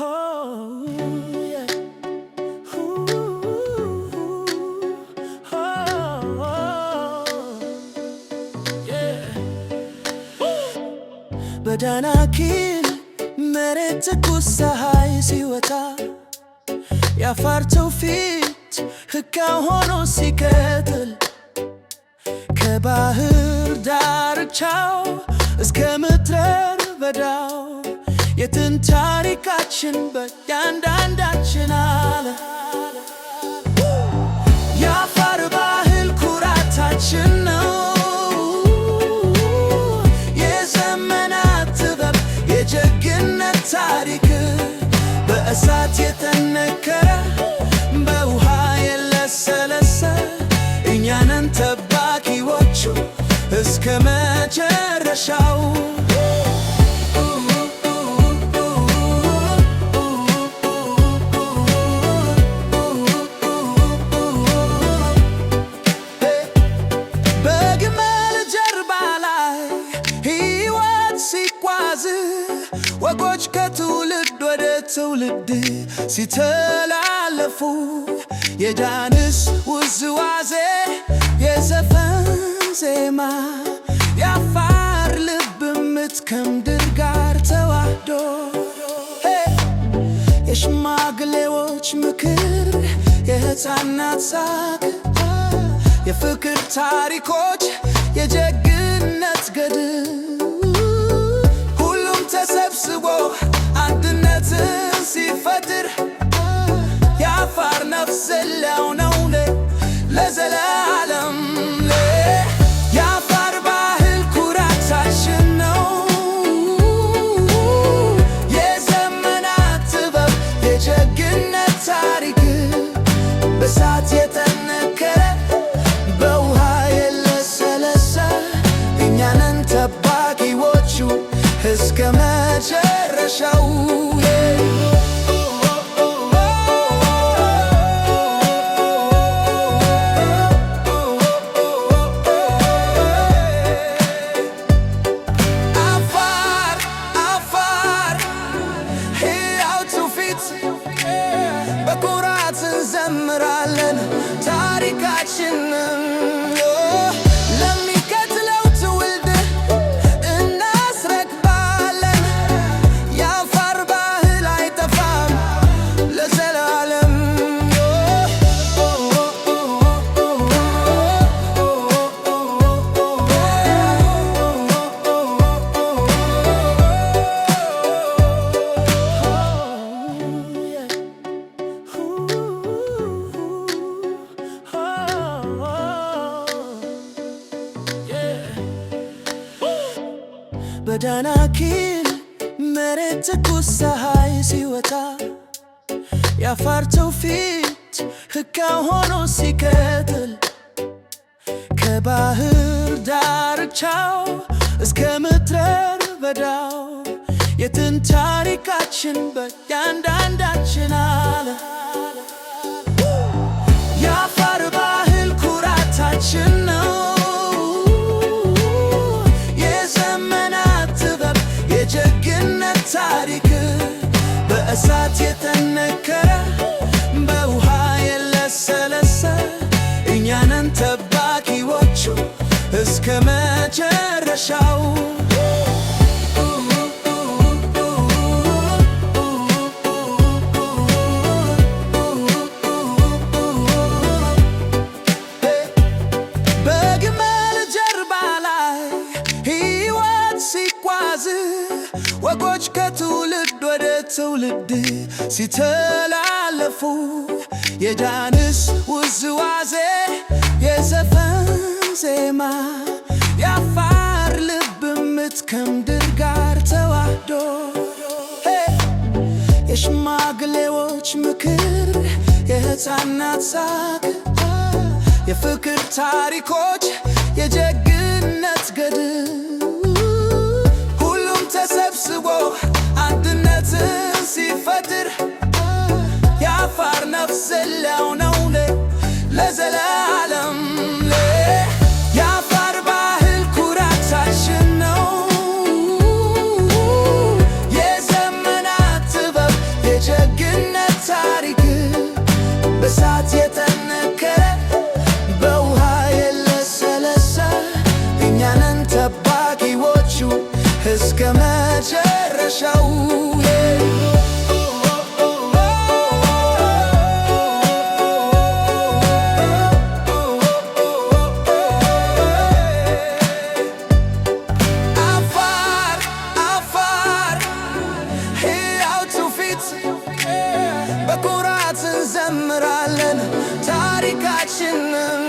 በዳናኪል መሬት ትኩስ ፀሐይ ሲወጣ የአፋር ትውፊት ህጋ ሆኖ ሲከትል ከባህር ዳርቻው እስከ ምድረ በዳው የትን ታሪካችን በእያንዳንዳችን አለ የአፋር ባህል ኩራታችን ነው። የዘመናት ጥበብ የጀግነት ታሪክ በእሳት የተነከረ ትውልድ ሲተላለፉ የዳንስ ውዝዋዜ የዘፈን ዜማ የአፋር ልብ ምት ከምድር ጋር ተዋህዶ የሽማግሌዎች ምክር የሕፃናት ሳቅ የፍቅር ታሪኮች የጀግነት ገድል ያብስለው ነው ለዘላለም የአፋር ባህል ኩራታችን ነው የዘመናት ጥበብ የጀግነት ታሪክ በሳት የተ ጎዳናኪን መሬት ትኩስ ፀሐይ ሲወጣ የአፋር ትውፊት ህጋ ሆኖ ሲከትል ከባህር ዳርቻው እስከ ምድረ በዳው የትን ታሪካችን በእያንዳንዳችን አለ ወጎች ከትውልድ ወደ ትውልድ ሲተላለፉ የዳንስ ውዝዋዜ የዘፈን ዜማ የአፋር ልብ ምት ከምድር ጋር ተዋህዶ የሽማግሌዎች ምክር የሕፃናት ሳቅ የፍቅር ታሪኮች የጀግነት ገድል Lezeler እንዘራለን ታሪካችንን